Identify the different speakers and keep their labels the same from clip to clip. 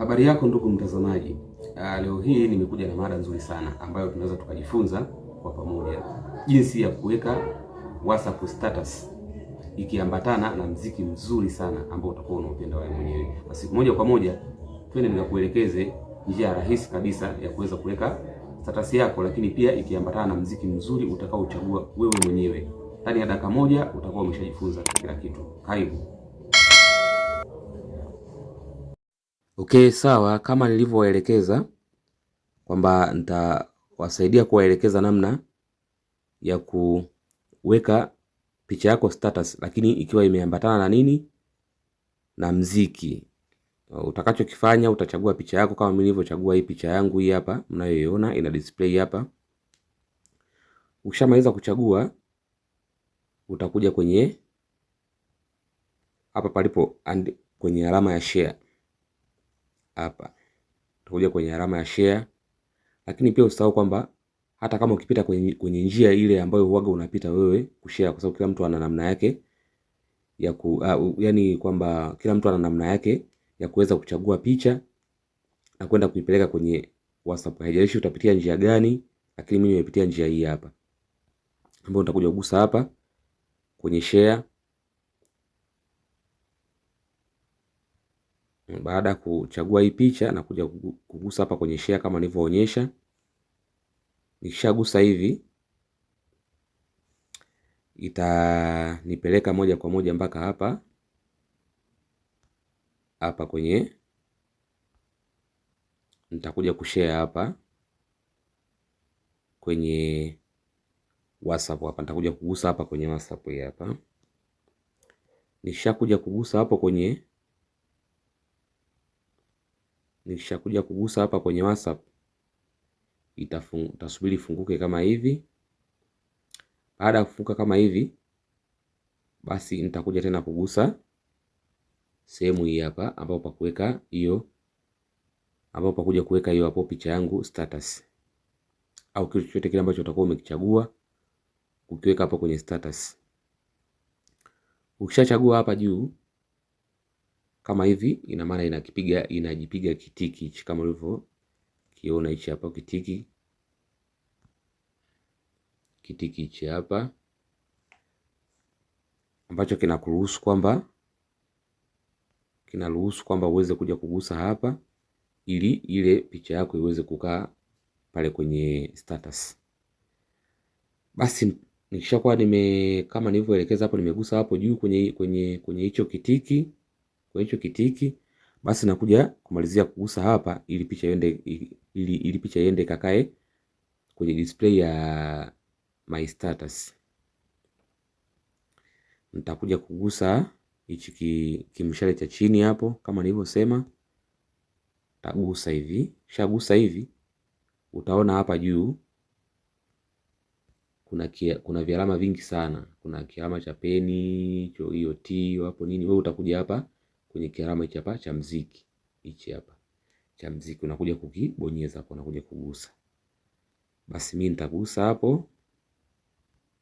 Speaker 1: Habari yako ndugu mtazamaji. Uh, leo hii nimekuja na mada nzuri sana ambayo tunaweza tukajifunza kwa pamoja jinsi ya kuweka WhatsApp status ikiambatana na mziki mzuri sana ambao utakuwa unaupenda wewe mwenyewe. Basi moja kwa moja twende nikakuelekeze njia rahisi kabisa ya kuweza kuweka status yako, lakini pia ikiambatana na mziki mzuri utakaochagua wewe mwenyewe. Ndani ya dakika moja utakuwa umeshajifunza kila kitu. Karibu. Okay, sawa, kama nilivyowaelekeza kwamba nitawasaidia kuwaelekeza namna ya kuweka picha yako status, lakini ikiwa imeambatana na nini, na mziki. Utakachokifanya, utachagua picha yako kama mimi nilivyochagua hii picha yangu hii hapa mnayoiona ina display hapa. Ukishamaliza kuchagua, utakuja kwenye hapa palipo and kwenye alama ya share hapa. Utakuja kwenye alama ya share. Lakini pia usisahau kwamba hata kama ukipita kwenye, kwenye njia ile ambayo huaga unapita wewe kushare kwa sababu kila mtu ana namna yake ya ku, uh, yani kwamba kila mtu ana namna yake ya kuweza kuchagua picha na kwenda kuipeleka kwenye WhatsApp. Haijalishi utapitia njia gani, lakini mimi nimepitia njia hii hapa. ambayo nitakuja kugusa hapa kwenye share Baada ya kuchagua hii picha na kuja kugusa hapa kwenye share kama nilivyoonyesha. Nikishagusa hivi itanipeleka moja kwa moja mpaka hapa hapa kwenye, nitakuja kushare hapa kwenye WhatsApp hapa, nitakuja kugusa hapa kwenye WhatsApp hii hapa. Nishakuja kugusa hapo kwenye kuja kugusa hapa kwenye WhatsApp itasubiri ifunguke kama hivi. Baada ya kufunguka kama hivi, basi nitakuja tena kugusa sehemu hii hapa, ambapo pa kuweka hiyo, ambapo pa kuja kuweka hiyo hapo picha yangu status, au kitu chochote kile ambacho utakuwa umekichagua ukiweka hapo kwenye status. Ukishachagua hapa juu kama hivi, ina maana inakipiga inajipiga kitiki hichi, kama kiona hichi hapa kitiki kitiki hichi hapa ambacho kinakuruhusu kwamba kinaruhusu kwamba uweze kuja kugusa hapa ili ile picha yako iweze kukaa pale kwenye status. Basi nikishakuwa nime kama nilivyoelekeza hapo, nimegusa hapo juu kwenye kwenye kwenye hicho kitiki kwa hicho kitiki, basi nakuja kumalizia kugusa hapa ili picha iende ili, ili picha iende kakae kwenye display ya my status. Nitakuja kugusa hichi kimshale cha chini hapo kama nilivyosema, tagusa hivi. Shagusa hivi, utaona hapa juu kuna kia, kuna vialama vingi sana. Kuna kialama cha peni hiyo t hapo nini, wewe utakuja hapa kwenye kiarama hichi hapa cha mziki, hichi hapa cha mziki, unakuja kukibonyeza hapo, unakuja kugusa. Basi mimi nitagusa hapo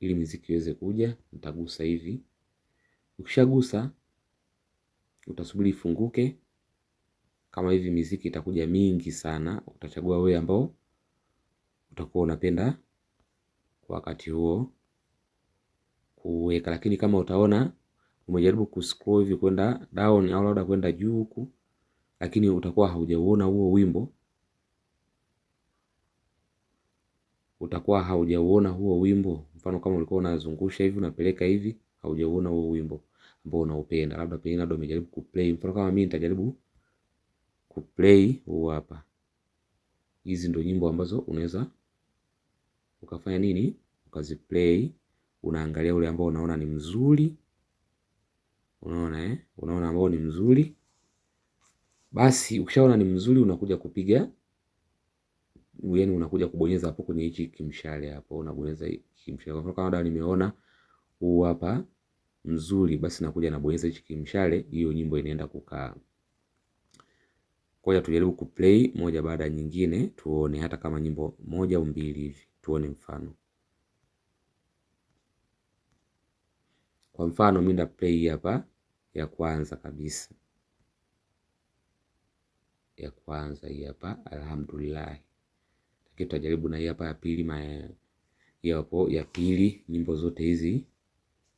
Speaker 1: ili miziki iweze kuja, nitagusa hivi. Ukishagusa utasubiri ifunguke kama hivi, miziki itakuja mingi sana. Utachagua wewe ambao utakuwa unapenda kwa wakati huo kuweka, lakini kama utaona umejaribu kuscroll hivi kwenda down au labda kwenda juu huku, lakini utakuwa haujauona huo wimbo, utakuwa haujauona huo wimbo. Mfano kama ulikuwa unazungusha hivi unapeleka hivi, haujauona huo wimbo ambao unaupenda, labda pengine ndio umejaribu kuplay. Mfano kama mimi nitajaribu kuplay huu hapa. Hizi ndio nyimbo ambazo unaweza ukafanya nini, ukaziplay. Unaangalia ule ambao unaona ni mzuri. Unaona eh? Unaona ambao ni mzuri. Basi ukishaona ni mzuri unakuja kupiga yani, unakuja kubonyeza hapo kwenye hichi kimshale hapo, unabonyeza kimshale. Kwa mfano kama dawa nimeona huu hapa mzuri, basi nakuja nabonyeza hichi kimshale, hiyo nyimbo inaenda kukaa. Ngoja tujaribu kuplay moja baada ya nyingine, tuone hata kama nyimbo moja au mbili hivi, tuone mfano. Kwa mfano mimi nita play hapa ya kwanza kabisa, ya kwanza hii hapa, alhamdulillah. Lakini tutajaribu na hii hapa ya pili ma hapo ya pili. Nyimbo zote hizi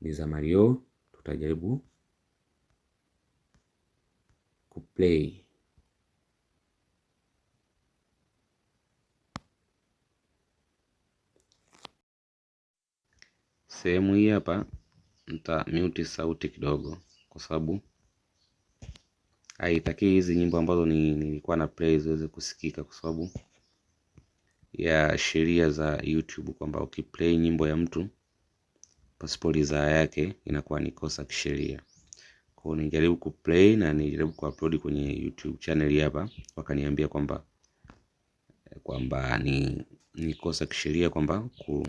Speaker 1: ni za Mario, tutajaribu kuplay sehemu hii hapa nita mute sauti kidogo, kwa sababu haitaki hizi nyimbo ambazo nilikuwa na play ziweze kusikika, kwa sababu ya sheria za YouTube kwamba ukiplay nyimbo ya mtu pasipo ridhaa yake inakuwa ni kosa kisheria. Kwa hiyo ku kuplay na nijaribu kuupload kwenye YouTube channel hapa, wakaniambia kwamba kwamba ni, ni kosa kisheria kwamba ku,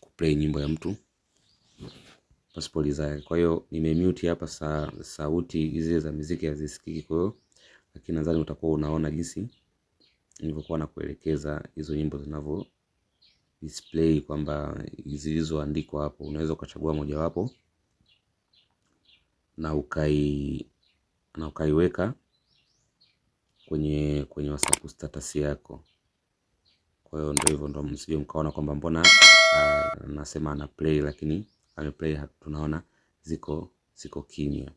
Speaker 1: kuplay nyimbo ya mtu pasipoli zake. Kwa hiyo nimemute hapa sa, sauti hizi za muziki hazisikiki, kwa hiyo lakini nadhani utakuwa unaona jinsi nilivyokuwa nakuelekeza hizo nyimbo zinavyo display kwamba zilizoandikwa hapo, unaweza ukachagua mojawapo na ukai na ukaiweka kwenye kwenye WhatsApp status yako. Kwa hiyo ndio hivyo, ndio msije mkaona kwamba mbona uh, nasema ana play lakini ameplay tunaona ziko ziko kimya.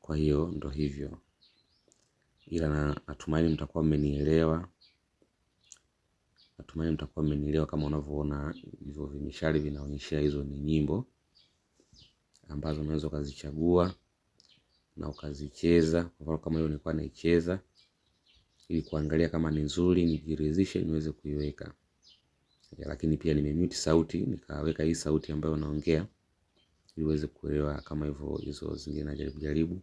Speaker 1: Kwa hiyo ndo hivyo, ila na natumaini mtakuwa mmenielewa, natumaini mtakuwa mmenielewa. Kama unavyoona hivyo vimishali vinaonyeshea, hizo ni nyimbo ambazo unaweza ukazichagua na ukazicheza. Kwa mfano kama hiyo nilikuwa naicheza ili kuangalia kama ni nzuri, nijiridhishe, niweze kuiweka ya, lakini pia nimemute sauti nikaweka hii sauti ambayo naongea ili uweze kuelewa kama hivyo hizo zingine na jaribu jaribu.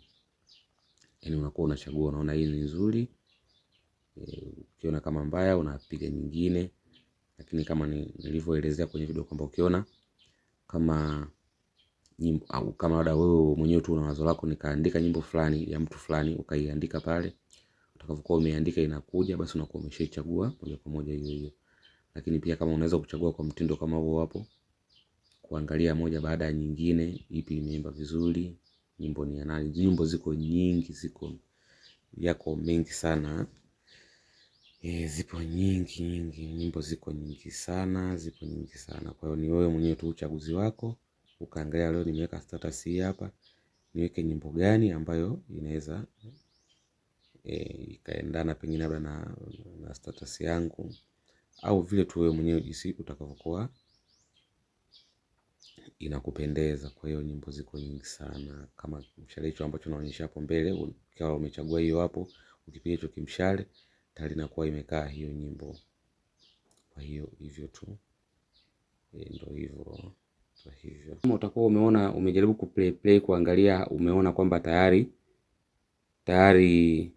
Speaker 1: Yaani unakuwa unachagua, unaona hii ni nzuri, eh, ukiona e, kama mbaya unapiga nyingine, lakini kama nilivyoelezea kwenye video kwamba ukiona kama nyimbo au kama labda wewe mwenyewe tu una wazo lako, nikaandika nyimbo fulani ya mtu fulani, ukaiandika pale, utakavyokuwa umeandika inakuja, basi unakuwa umeshaichagua moja kwa moja hiyo hiyo lakini pia kama unaweza kuchagua kwa mtindo kama huo hapo, kuangalia moja baada ya nyingine, ipi imeimba vizuri, nyimbo ni ya nani. Nyimbo ziko nyingi, ziko yako mengi sana e, zipo nyingi nyingi, nyimbo ziko nyingi sana, zipo nyingi sana. Kwa hiyo ni wewe mwenyewe tu uchaguzi wako, ukaangalia leo nimeweka status hii hapa, niweke nyimbo gani ambayo inaweza e, ikaendana pengine labda na, na status yangu au vile tu wewe mwenyewe jinsi utakavyokuwa inakupendeza. Kwa hiyo nyimbo ziko nyingi sana, kama kimshale hicho ambacho naonyesha hapo mbele, ukiwa umechagua hiyo hapo, ukipiga hicho kimshale tayari inakuwa imekaa hiyo nyimbo. Kwa hiyo hivyo tu e, ndio hivyo kwa hivyo. Kama utakuwa umeona umejaribu kuplay play kuangalia, umeona kwamba tayari tayari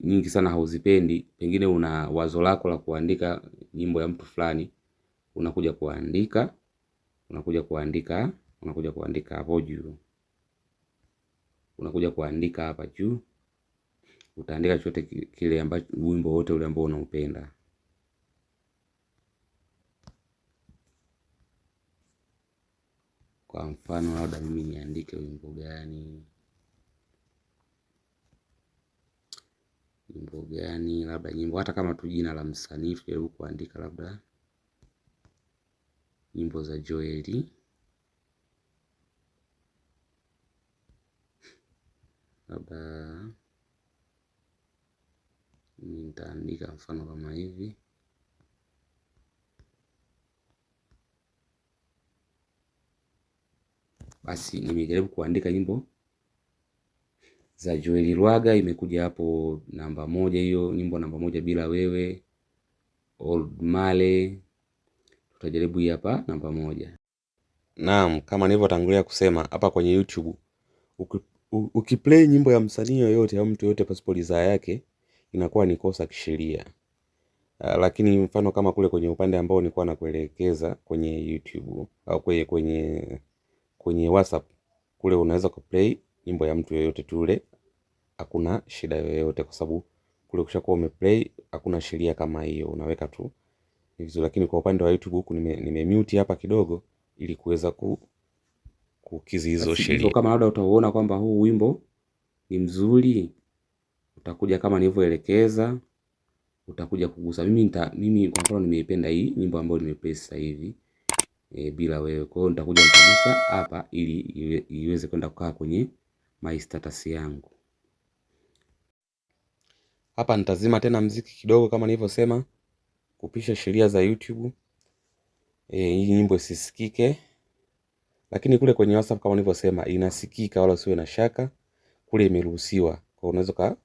Speaker 1: nyingi sana hauzipendi, pengine una wazo lako la kuandika nyimbo ya mtu fulani, unakuja kuandika unakuja kuandika unakuja kuandika hapo juu, unakuja kuandika hapa juu, utaandika chochote kile ambacho, wimbo wote ule ambao unaupenda. Kwa mfano labda mimi niandike wimbo gani? nyimbo gani, labda nyimbo hata kama tu jina la msanii tujaribu kuandika labda nyimbo za Joeli labda nitaandika mfano kama hivi basi. Nimejaribu kuandika nyimbo za Joel Lwaga imekuja hapo namba moja, hiyo nyimbo namba moja bila wewe. Old Male tutajaribu hii hapa namba moja. Naam, kama nilivyotangulia kusema hapa kwenye YouTube uki, ukiplay nyimbo ya msanii yoyote au mtu yoyote pasipo ridhaa yake inakuwa ni kosa kisheria. Uh, lakini mfano kama kule kwenye upande ambao nilikuwa nakuelekeza kwenye YouTube au kwenye kwenye, kwenye WhatsApp kule unaweza kuplay nyimbo ya mtu yoyote tu ile, hakuna shida yoyote, kwa sababu kule ukishakuwa umeplay hakuna sheria kama hiyo, unaweka tu hivyo. Lakini kwa upande wa YouTube huku nime, nime mute hapa kidogo ili kuweza ku kukizi hizo sheria. Kama labda utaona kwamba huu wimbo ni mzuri, utakuja kama nilivyoelekeza, utakuja kugusa. Mimi nita, mimi kwa mfano nimeipenda hii nyimbo ambayo nimeplay sasa hivi e, bila wewe. Kwa hiyo nitakuja nitagusa hapa ili iweze kwenda kukaa kwenye my status yangu. Hapa nitazima tena mziki kidogo, kama nilivyosema, kupisha sheria za YouTube hii e, nyimbo isisikike, lakini kule kwenye WhatsApp kama nilivyosema inasikika, wala usiwe na shaka, kule imeruhusiwa. Kwa unaweza ka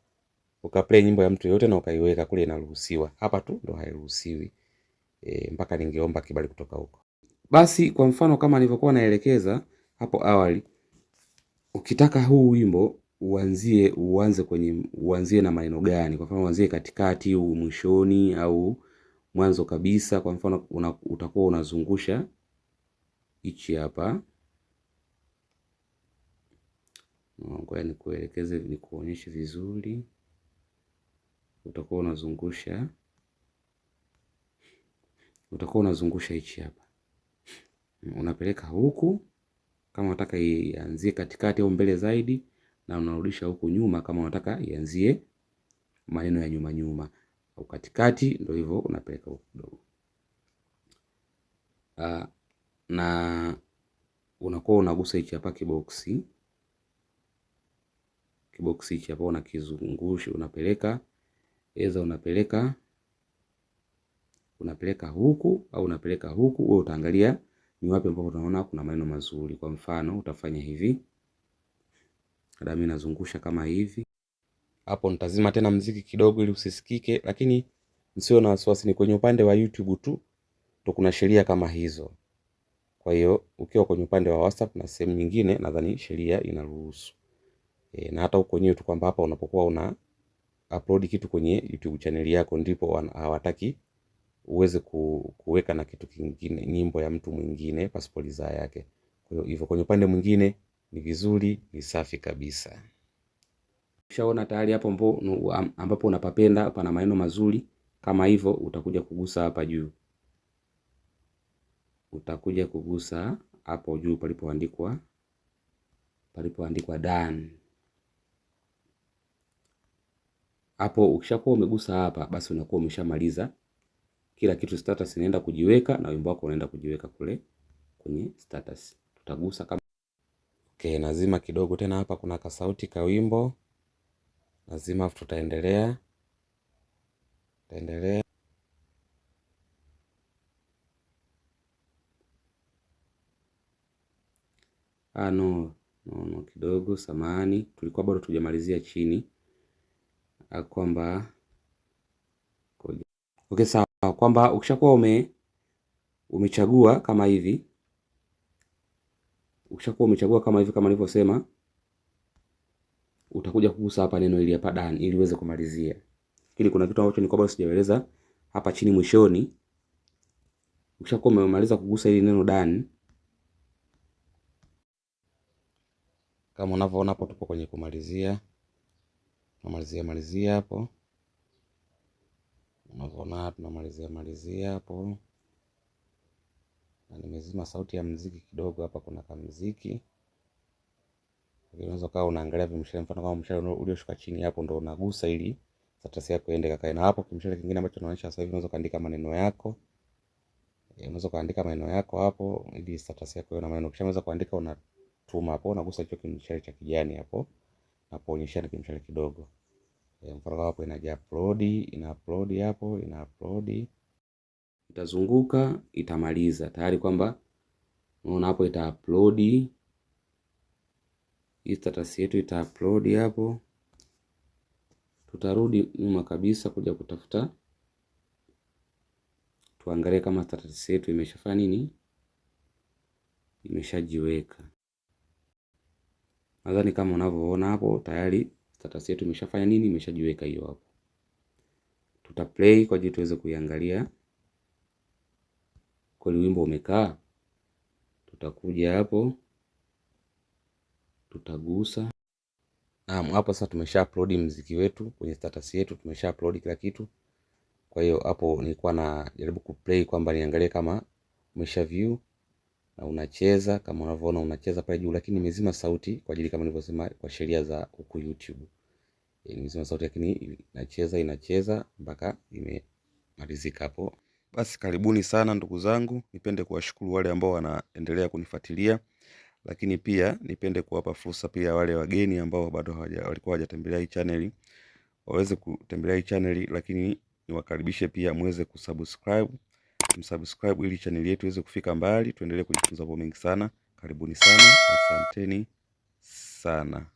Speaker 1: ukaplay nyimbo ya mtu yoyote na ukaiweka kule, inaruhusiwa. Hapa tu ndo hairuhusiwi e, mpaka ningeomba kibali kutoka huko. Basi kwa mfano kama nilivyokuwa naelekeza hapo awali ukitaka huu wimbo uanzie uanze kwenye uanzie na maneno gani? Kwa mfano uanzie katikati, au mwishoni, au mwanzo kabisa. Kwa mfano una, utakuwa unazungusha hichi hapa, ngoja nikuelekeze, nikuonyeshe vizuri. Utakuwa unazungusha utakuwa unazungusha hichi hapa, unapeleka huku kama unataka ianzie katikati au mbele zaidi, na unarudisha huku nyuma kama unataka ianzie maneno ya nyuma nyuma au katikati, ndio hivyo unapeleka huko kidogo. Uh, na unakuwa unagusa hichi hapa kiboksi kiboksi hichi hapa unakizungusha, unapeleka eza, unapeleka unapeleka huku au unapeleka huku, wewe utaangalia ni wapi ambapo unaona kuna maneno mazuri. Kwa mfano utafanya hivi, labda mimi nazungusha kama hivi hapo. Nitazima tena mziki kidogo ili usisikike, lakini msio na wasiwasi, ni kwenye upande wa YouTube tu ndo kuna sheria kama hizo. Kwa hiyo ukiwa kwenye upande wa WhatsApp na sehemu nyingine, nadhani sheria inaruhusu e, na hata huko wenyewe tu kwamba hapa unapokuwa una upload kitu kwenye YouTube channel yako ndipo hawataki uweze ku, kuweka na kitu kingine, nyimbo ya mtu mwingine pasipo ridhaa yake. Kwa hiyo hivyo kwenye upande mwingine ni vizuri, ni safi kabisa. Ushaona tayari hapo mpo, ambapo unapapenda pana maneno mazuri kama hivyo, utakuja kugusa hapa juu, utakuja kugusa hapo juu palipoandikwa palipoandikwa done. Hapo ukishakuwa umegusa hapa, basi unakuwa umeshamaliza kila kitu status inaenda kujiweka na wimbo wako unaenda kujiweka kule kwenye status. Tutagusa kama okay, nazima kidogo tena. Hapa kuna kasauti ka wimbo nazima, afu tutaendelea tutaendelea Ah, no, no, no, kidogo samani tulikuwa bado tujamalizia chini ah, kwamba okay, sawa kwamba ukishakuwa ume umechagua kama hivi, ukishakuwa umechagua kama hivi, kama nilivyosema, utakuja kugusa hapa neno ili hapa done, ili uweze kumalizia. Ili kuna kitu ambacho ni bado sijaeleza hapa chini mwishoni. Ukishakuwa umemaliza kugusa ili neno done, kama unavyoona hapo, tupo kwenye kumalizia, kumalizia malizia hapo unavyoona tunamalizia malizia hapo, na nimezima sauti ya mziki kidogo. Hapa kuna kamziki, unaweza ukawa unaangalia vimshale, mfano kama mshale ulioshuka chini hapo ndo unagusa ili satasi yako iende kakae. Na hapo kimshale kingine ambacho naonyesha sasa hivi, unaweza kaandika maneno yako eh, unaweza kuandika maneno yako hapo ili satasi yako iwe na maneno. Kisha unaweza kuandika, unatuma hapo, unagusa hicho kimshale cha kijani hapo, na kuonyesha kimshale kidogo. Eh, mpaka hapo inaja upload, ina upload hapo, ina upload itazunguka, itamaliza tayari, kwamba unaona hapo ita upload hii status yetu ita upload hapo. Tutarudi nyuma kabisa kuja kutafuta, tuangalie kama status yetu imeshafanya nini, imeshajiweka. Nadhani kama unavyoona hapo tayari status yetu imeshafanya nini, imeshajiweka hiyo hapo. Tuta play kwa ajili tuweze kuiangalia kweli wimbo umekaa. Tutakuja hapo tutagusa naam, hapo sasa tumesha upload mziki wetu kwenye status yetu, tumesha upload kila kitu. Kwa hiyo hapo nilikuwa na jaribu kuplay kwamba niangalie kama umesha view na unacheza kama unavyoona unacheza pale juu, lakini nimezima sauti kwa ajili kama nilivyosema kwa sheria za huku YouTube. E, eh, nimezima sauti lakini inacheza inacheza mpaka imemalizika hapo. Basi karibuni sana ndugu zangu, nipende kuwashukuru wale ambao wanaendelea kunifuatilia, lakini pia nipende kuwapa fursa pia wale wageni ambao bado walikuwa hawajatembelea hii channel waweze kutembelea hii channel, lakini niwakaribishe pia muweze kusubscribe msubscribe ili chaneli yetu iweze kufika mbali, tuendelee kujifunza mambo mengi sana. Karibuni sana, asanteni sana.